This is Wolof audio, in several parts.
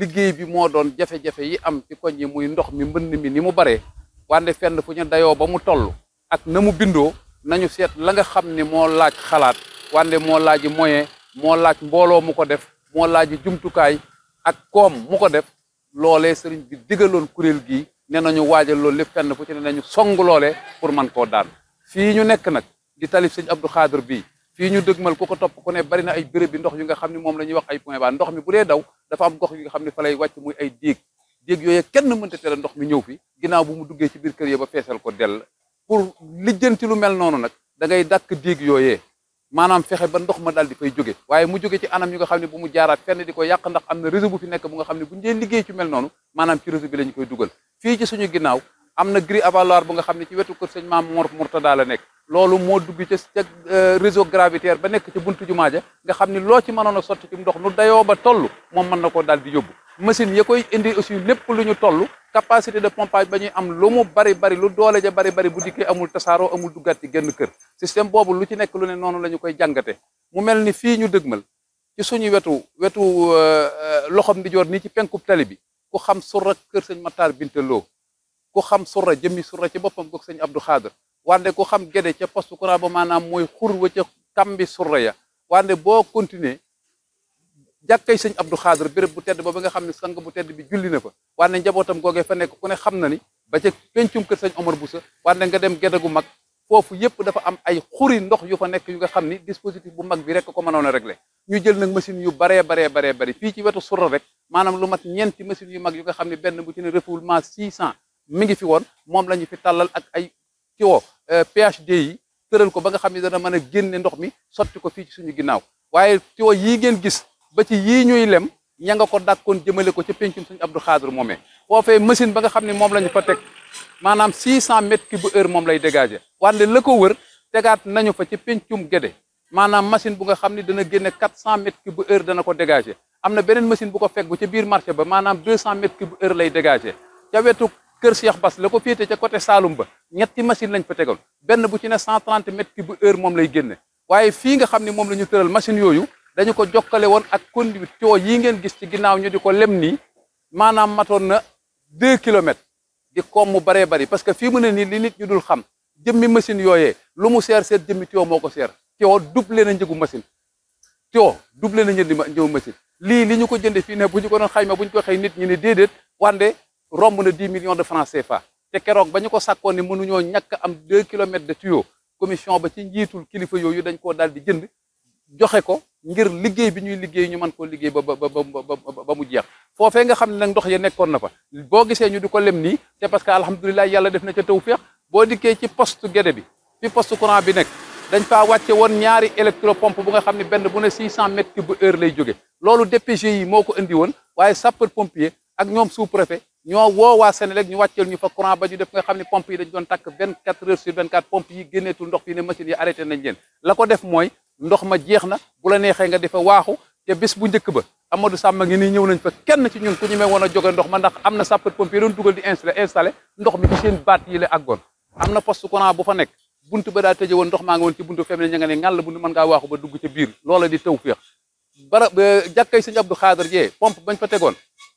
liggéey bi moo doon jafe-jafe yi am ci koñ yi muy ndox mi mbënn mi ni mu bare wande fenn fu ñu dayoo ba mu toll ak na mu bindoo nañu seet la nga xam ni moo laaj xalaat wande moo laaj moyen moo laaj mbooloo mu ko def moo laaj jumtukaay ak koom mu ko def loole sëriñ bi digaloon kuréel gii ne nañu waajal loolu lépp fenn fu ci ne nañu song loole pour man koo daan fii ñu nekk nag di talib sëñ Abdou Xaadir bii fii ñu dëgmal ku ko topp ko ne bari na ay béréb bi ndox yu nga xam ne moom la wax ay point bas ndox mi bu dee daw dafa am gox yu nga xam ne fa lay wàcc mi ñëw fi ginnaaw bu mu duggee ci biir kër yi ba feesal ko dell pour lijjanti lu mel noonu nag da ngay dàkk déeg yooyee maanaam fexe ba ndox ma daal di fay jóge waaye mu jóge ci anam yu nga xam ne bu mu jaara fenn di ko yàq ndax am na réseau bu fi nekk bu nga xam ne bu ñu liggéey ci mel noonu maanaam ci réseau bi la ñu koy dugal fii suñu ginnaaw am na grille avaloir bu nga xam ne ci wetu kër sëñ maam Mor Mourtada la nekk loolu moo dugg ca ca euh, réseau gravitaire ba nekk ci buntu jumaa ja nga xam ni loo ci mënoon a sotti ci ndox nu dayoo ba toll moom mën na koo daal di yóbbu machine ya koy indi aussi lépp lu ñu toll capacité de pompage ba ñuy am lu mu bari bari lu doole ja bari bari bu dikkee amul tasaaroo amul dugat ci génn kër système boobu lu ci nekk lu ne noonu lañu koy jàngate mu mel ni fii ñu dëgmal ci suñu wetu wetu euh, euh, loxom di joor nii ci penkub tali bi ku xam sur ak kër sëñ Matar Binta Lo ku xam surra jëmmi surra ci boppam goog sëñ Abdou Xaadir wande ku xam gede ca poste courant ba maanaam mooy xur wa ca kambi surra ya wande boo continuer jàkkay sëñ Abdou Xaadir béréb bu tedd ba ba nga xam ne sang bu tedd bi julli na fa wande njabootam googe fa nekk ku ne xam na ni ba ca pencum kër sëñ Omar Boussa wande nga dem gede gu mag foofu yëpp dafa am ay xuri ndox yu fa nekk yu nga xam ni dispositif bu mag bi rek ko mënoon a ñu jël nag machine yu baree baree baree bari fii ci wetu surra maanaam lu mat ñeenti machine yu mag yu nga xam ne benn bu ci ne refoulement 600 mi ngi fi woon moom la ñu fi tàllal ak ay tiwo euh, PhD yi tëral ko ba nga xam ne dana mën a génne ndox mi sotti ko fii ci suñu ginnaaw waaye tiwo yii ngeen gis ba ci yii ñuy lem ña nga ko dàkkoon jëmale ko ca pencum suñu Abdou Khadre moomee foofee machine ba nga xam ne moom la ñu fa teg maanaam 600 mètres cube heure moom lay dégager wante la ko wër tegaat nañu fa ci pencum Guédé maanaam machine bu nga xam ni dana génne 400 mètres cube heure dana ko dégager am na beneen machine bu ko fekk ca biir marché ba maanaam 200 mètres cube heure lay dégager ca wetu kër Cheikh Bass la ko féete ca côté Saalum ba ñetti machine lañ fa tegoon benn bu ci ne 130 mètres cube heure moom lay génne waaye fii nga xam ne moom la ñu tëral machine yooyu dañu ko jokkale woon ak conduite tuyau yi ngeen gis ci ginnaaw ñu di ko lem nii maanaam matoon na 2 kilomètres di koom mu baree bari parce que fii mu ne nii li nit ñu dul xam jëmmi machine yooyee lu mu seer seet jëmmi tuyau moo ko seer tuyau doublé na njëgu machine tuyau doublé na njëndi njëgu machine lii li ñu ko jënde fii ne bu ñu ko doon xayma bu ñu ko xëy nit ñi ne déedéet wande romb na dix millions de francs CFA te keroog ba ñu ko sàkkoon ne mënuñoo ñàkk am deux kilomètres de tuyau commission ba ci njiitul kilifa yooyu dañ koo daal di jënd joxe ko ngir liggéey bi ñuy liggéey ñu mën koo liggéey ba ba ba ba mu jeex foofee nga xam ne nag ndox ya nekkoon na fa boo gisee ñu di ko lem nii te parce que alhamdulilah yàlla def na ca tawféex boo dikkee ci poste Guédé bi fi poste courant bi nekk dañ faa wàcce woon ñaari électropompe bu nga xam ne benn bu ne 600 mètres cube heure lay jóge loolu DPG yi moo ko indi woon waaye sapeur pompier ak ñoom sous préfet ñoo woo waa Senelec ñu wàcceel ñu fa courant ba ñu def nga xam ne pompe yi dañu doon takk vingt quatre heures sur vingt quatre pompe yi génneetul ndox fii ne yi arrêté nañ leen la ko def mooy ndox ma jeex na bu la neexee nga defa waaxu te bis bu jëkk ba Amadou Samba ngi ni ñëw nañ fa kenn ci ñun ku ñu may woon ndox ma ndax am na sapeur pompier doon dugal di installé installé ndox mi ci seen baat yi la àggoon am courant bu fa nekk buntu ba daa tëje woon ndox maa ngi woon ci buntu fem ne ña nga ne ngàll buntu mën ngaa waaxu ba dugg ca biir loola fa tegoon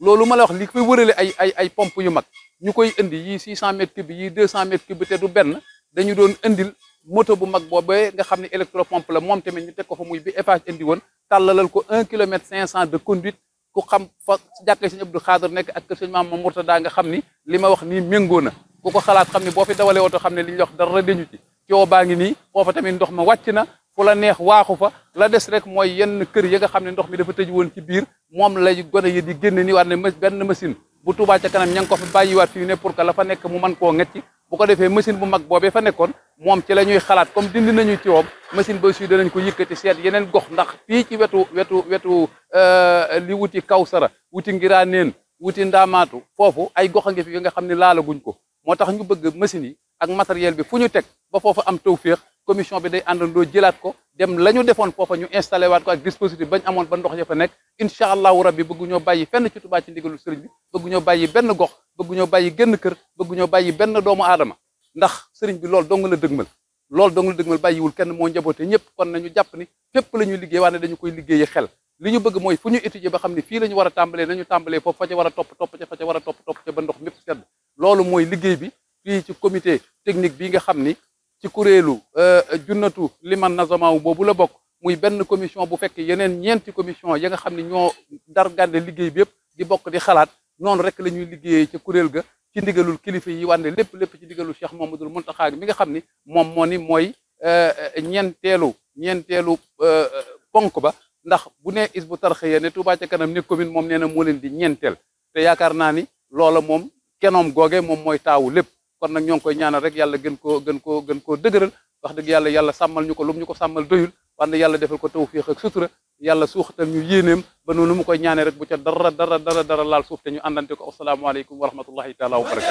loolu ma la wax li koy wërale ay ay ay yu mag ñu koy indi yii 600 mètres cube yii 200 mètres cube te du benn dañu doon indil moto bu mag boobee nga xam ne électropompe la moom tamit ñu teg ko fa muy bi Eiffage indi woon tàllalal ko 1 kilomètre 500 de conduite ku xam fa jàkkee sëñ Abdou Khadre nekk ak kër sëñ Maam Mourtada nga xam ni li ma wax ni méngoo na ku ko xalaat xam ne boo fi dawalee woto xam ne li ñu wax dara dañu ci coow baa ngi nii foofa tamit ndox ma wàcc na fu la neex waaxu fa la des rek mooy yenn kër yi nga xam ne ndox mi dafa tëj woon ci biir moom lay gone yi di génn ni waat ne benn machine bu Touba ca kanam ña ngi ko fi bàyyiwaat fii ne pour que la fa nekk mu ko koo ngecci bu ko defee machine bu mag boobee fa nekkoon moom ci la ñuy xalaat comme dindi nañu ci woom machine ba suy danañ ko yëkkati seet yeneen gox ndax fii ci wetu wetu wetu euh, li wuti Kawsara wuti neen wuti Ndaamaatu foofu ay gox a ngi fi nga xam ne laalaguñ ko moo tax ñu bëgg machine yi ak matériel bi fu ñu teg ba foofa am tawféex commission bi day àndandoo jëlaat ko dem la ñu defoon foofa ñu installé waat ko ak dispositif bañ amoon ba ndox ya fa nekk incha allahu rabbi bëggu ñoo bàyyi fenn ci Tuubaa ndigalu sëriñ bi bëggu ñoo bàyyi benn gox bëggu ñoo bàyyi genn kër bëggu ñoo bàyyi benn doomu aadama ndax sëriñ bi loolu dong la dëgmal loolu dong la dëgmal bàyyiwul kenn moo njaboote ñëpp kon nañu jàpp ni fépp la ñuy liggéey waa ne koy liggéeyi xel li ñu bëgg mooy fu ñu étudier ba xam ne fii la ñu war a tàmbalee nañu tàmbalee foofu fa ca war a topp topp ca fa ca war a topp topp ca ba ndox mépp sedd loolu mooy liggéey bi fii ci comité technique bi nga xam ni ci kuréelu euh, junnatu liman nazamaaw boobu la bokk muy benn commission bu fekk yeneen ñeenti commission ya nga xam ne ñoo dargande liggéey bi yëpp di bokk di xalaat noonu rek la ñuy liggéeyee ci kuréel ga ci ndigalul kilifa yi wànne lépp lépp ci ndigalul Cheikh Mamadul Muntaxa mi nga xam ni moom moo ni mooy euh, ñeenteelu ñeenteelu euh, ponk ba ndax bu nee Hizbut Tarqiyyah ne Touba ca kanam ne commune moom nee na moo leen di ñeenteel te yaakaar naa ni loola moom kenoom googe moom mooy taawu lépp kon nag ñoo ngi koy ñaanal rek yàlla gën koo gën koo gën koo dëgëral wax dëgg yàlla yàlla ñu ko lu ñu ko sàmmal doyul na yàlla defal ko tawfiix ak sutura yàlla suuxatal ñu yéeneem ba noonu mu koy ñaanee rek bu ca dara dara dara dara laal suuf te ñu àndante ko asalaamaaleykum wa rahmatullahi taala wa barakatu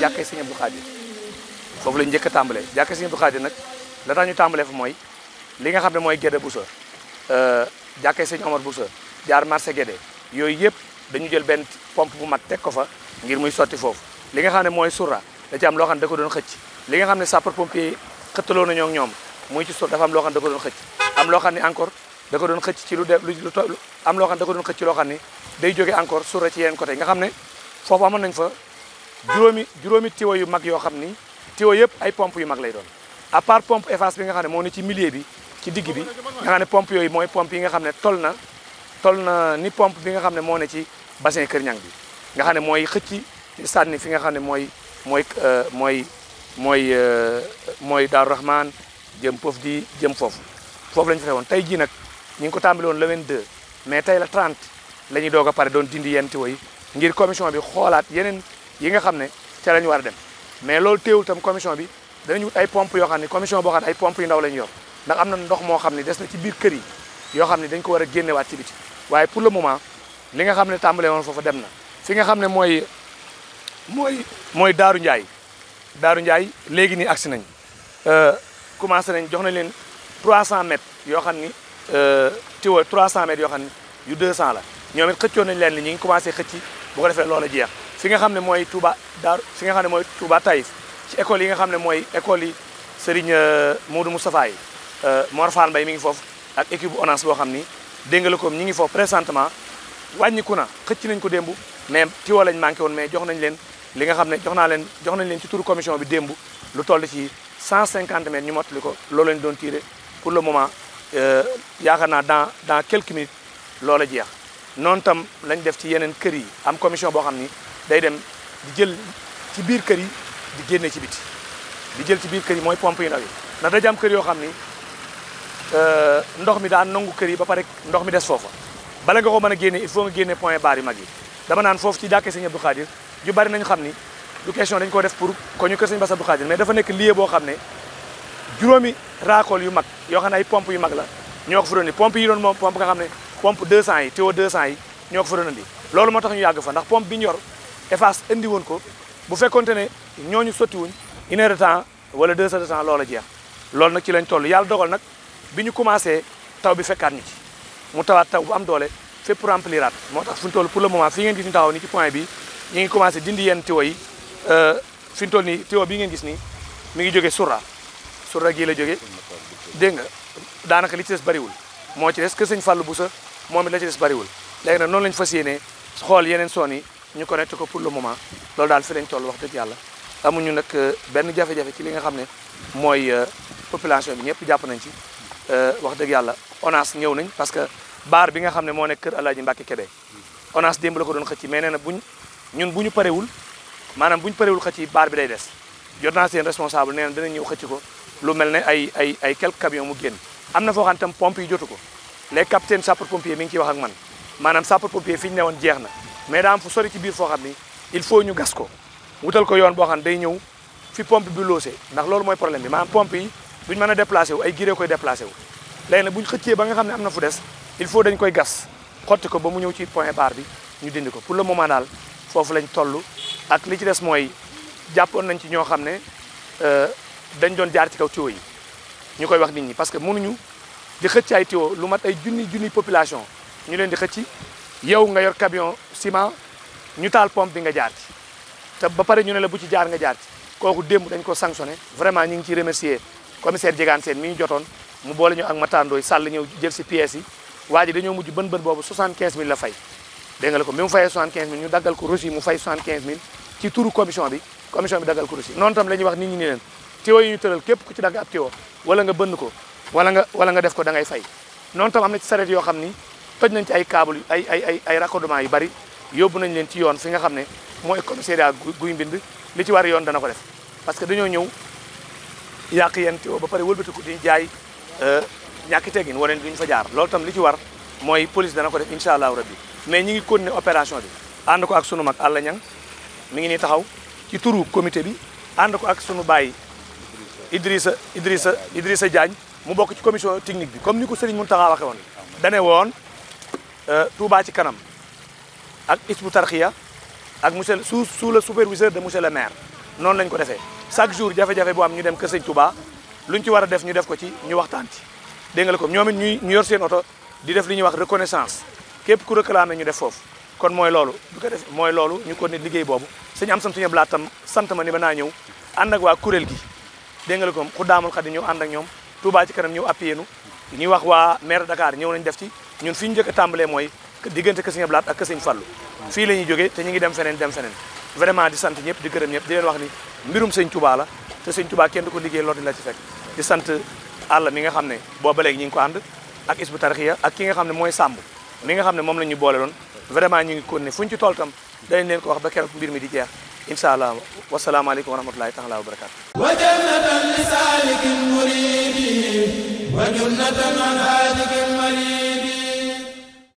jàkkee sëñ Abdou Khadir foofu la ñu njëkk a tàmbalee jàkkee sëñ Abdou Khadir nag la tax ñu tàmbalee fa mooy li nga xam ne mooy Gédé Bousso euh, jàkkee sëñ Omar Bousso jaar marché Gédé yooyu yëpp dañu jël benn pompe bu mag teg ko fa ngir muy sotti foofu li nga xam ne mooy sura da ci am loo xam ne da doon xëcc li nga xam ne sapeur pompier xëttaloo nañoo ak ñoom muy ci sura dafa am loo xam ne da ko doon xëcc am loo xam ne encore da ko doon xëcc ci lu de lu am loo xam ne ko doon xëcc loo xam ne day jóge encore sura ci yeneen côté nga xam ne foofu amoon nañ fa juróomi juróomi tiwo yu mag yoo xam ni tiwo yëpp ay pompe yu mag lay doon à part pompe Eiffage bi nga xam ne moo ne ci milieu bi ci digg bi nga xam ne pompe yooyu mooy pompe yi nga xam ne tol na tol na ni pompe bi nga xam ne moo ne ci bassin Kër Ñang bi nga xam ne mooy xëcci sànni fi nga xam ne mooy mooy euh, mooy mooy euh, mooy Daaru Rahman jëm foofu di jëm foofu foofu la ñu fexe woon tey jii nag ñu ngi ko tàmbali woon le 22 mais tey la 30 la ñuy doog a pare doon dindi yenn tiwo yi ngir commission bi xoolaat yeneen yi nga xam ne ca la war a dem mais loolu téewul tam commission bi danañu wut ay pompe yoo xam ne commission boo xam ne ay pompe yu ndaw la ñu yor ndax am na moo xam ne des na ci biir kër yi yoo xam ne dañ ko war a génnewaat ci biti waaye pour le moment li nga xam ne tàmbalee woon foofa dem na fi nga xam ne mooy mooy mooy Daaru Njaay Daaru Njaay léegi nii agsi nañ euh, commencé nañ jox nañ leen 300 mètres yoo xam ni euh, tiwa 300 mètres yoo xam ni yu 200 la ñoom it nañ leen li ñu ngi commencé xëcc bu ko defee loola jeex fi nga xam ne mooy Touba Daaru fi nga xam ne mooy Touba Taïf ci école yi nga xam ne mooy école yi Serigne euh, Modou Moustapha yi euh, Mor Fall Mbaye mi ngi foofu ak équipe bu boo xam ni dégg la comme ñi ngi foofu présentement wàññiku na xëcc nañ ko démb mais tiwo lañ manqué woon mais jox nañ leen li nga xam ne jox naa leen jox nañ leen ci turu commission bi démb lu toll ci 150 mètres ñu mottali ko loolu lañ doon tiré pour le moment euh, yaakaar naa dans dans quelques minutes loola jeex noonu tam lañ def ci yeneen kër yi am commission boo xam ni day dem di jël ci biir kër yi di génne ci biti di jël ci biir kër yi mooy pompe yu ndaw yi ndax daja am kër yoo xam ni euh, ndox mi daan nangu kër yi ba pare ndox mi des foofa bala nga ko mën a génne il faut nga génne point barre yu mag yi dama naan ci jàkkee sëñ Abdou Khadir ju bari nañu xam ni du question dañ ko def pour ko ñu kër sëñ Bass Abdou Khadir dafa nekk lieu boo xam ne juróomi raakool yu mag yoo xam ne ay pompe yu mag la ñoo ko fa doon yi doon moom pompe nga xam ne pompe 200 yi tuyau 200 yi ñoo ko fa loolu moo tax ñu yàgg fa ndax pompe bi ñu yor Eiffage indi woon ko bu fekkonte ne ñooñu sotti wuñ une heure de temps wala deux heures de temps loola jeex loolu nag ci lañ toll yàlla dogal nag bi ñu commencé taw bi fekkaat ñu ci mu tawaat taw bu am doole fépp rempliraat moo tax fi ñu pour le moment fii ngeen gis ñu taw ni ci point bi ñu ngi commencé dindi yenn tuyau yi euh, fi ñu toll nii tuyau bii ngeen gis nii mi ngi jógee Soura Soura gii la jógee dégg nga daanaka li ci bariwul moo ci des que sëñ Fallou Boussa moom it la ci des bariwul léegi nag noonu lañu fas yéenee xool yeneen son yi ñu connecté ko pour le moment loolu daal fi lañ toll wax dëgg yàlla amuñu nag euh, benn jafe-jafe ci li nga xam ne mooy euh, population bi ñëpp jàpp nañ ci euh, wax dëgg yàlla ONAS ñëw nañ parce que bar bi nga xam ne moo nekk kër Alaaji Mbàkke Kebe ONAS démb la ko doon xëcc mais nee na buñ ñun bu ñu parewul maanaam bu ñu parewul xëcc yi baar bi day des jot naa seen responsable nee ñëw xëcc ko lu mel ne ay ay ay quelques mu génn am na foo xam tam yi jotu ko léegi capitaine sapeur pompier mi ngi ciy wax ak man maanaam sapeur pompier fi ne woon jeex na mais daa am fu sori ci biir foo xam ni il faut ñu gas ko wutal ko yoon boo xam ne day ñëw fi pompe bi loosee ndax loolu mooy problème bi maanaam pompe yi duñ mën a déplacé wu ay girée koy déplacé wu léegi nag bu ñu xëccee ba nga xam ne am na fu des il faut dañ koy gas xotti ko ba mu ñëw ci point barre bi ñu dindi ko pour le moment daal foofu lañ toll ak li ci des mooy jàppoon nañ ci ñoo xam ne euh, dañ doon jaar ci kaw tuyaux yi ñu koy wax nit ñi parce que mënuñu di xëcc ay tuyaux lu mat ay junni junni population ñu leen di xëcc yow nga yor camion ciment ñu taal pompe bi nga jaar ci te ba pare ñu ne la bu ci jaar nga jaar ci kooku démb dañ ko sanctionné vraiment ñu ngi ciy remercier commissaire Diegane Sène mi ñu jotoon mu boole ñu ak matandooy sàll ñëw jël si pièces yi waa ji dañoo mujj bën bën boobu 75000 la fay dégg nga la ko bi mu fayee 75000 ñu daggal ko reçu mu fay mil ci turu commission bi commission bi daggal ko reçu noonu tam la ñuy wax nit ñi ni leen ku ci dagg ab tuyau wala nga bënn ko wala nga wala nga def ko dangay fay noonu tam am na ci sareet yoo xam ni toj nañ ci ay câble ay ay ay ay raccordement yu bari yóbbu nañ leen ci yoon fi nga xam ne mooy commissariat guy mbind li ci war yoon dana ko def parce que dañoo ñëw yàq yenn tuyau ba pare ko di jaay euh, ñàkki teggin wane duñ fa jaar loolu tam li ci war mooy police dana ko def incha allahu rabbi mais ñi ngi kon ne opération bi ànd ko ak sunu mag àll ñang mi ngi ni taxaw ci turu bi ànd ko ak sunu baay Idrissa Idrissa Idrissa Diagne mu bokk ci commission technique bi comme ni ko Serigne Mountakha waxe woon dane woon euh, Touba ci kanam ak Hizbut Tarqiyyah ak monsieur sous sous le superviseur de monsieur le maire noonu lañ ko defee chaque jour jafe-jafe bu am ñu dem kër Serigne Touba luñ ci war a def ñu def ko ci ñu waxtaan ci dégg ko ñoom it ñuy ñu yor seen oto di def li ñuy wax reconnaissance képp ku na ñu def foofu kon mooy loolu du ko def mooy loolu ñu ko nit liggéey boobu suñu am sam suñu blaatam sant ma ni ba naa ñëw ànd ak waa kuréel gi dégg nga la ko xuddaamul ñëw ànd ak ñoom Touba ci kanam ñëw appuyé ñuy wax waa maire Dakar ñëw nañ def ci ñun fi ñu njëkk a tàmbalee mooy diggante Kër Sëñ Ablaat ak Kër Fallu fii la ñuy jógee te ñu ngi dem feneen dem feneen vraiment di sant ñëpp di gërëm ñëpp di leen wax la te sëñ kenn du ko liggéey loolu la ci fekk di sant àll mi nga xam ne booba léegi ñu ngi ko ànd ak isbu tarixiya ak ki nga xam ne mooy sàmb mi nga xam ne moom la ñu boole loon vraiment ñu ngi kon ne fu ñu ci tool tam dañ leen ko wax ba keroog mbir mi di jeex incha allah wasalaamaaleykum wa rahmatulahi taala wa barakaatu wa jannatan li saalikin muridi wa jannatan an haadikin marid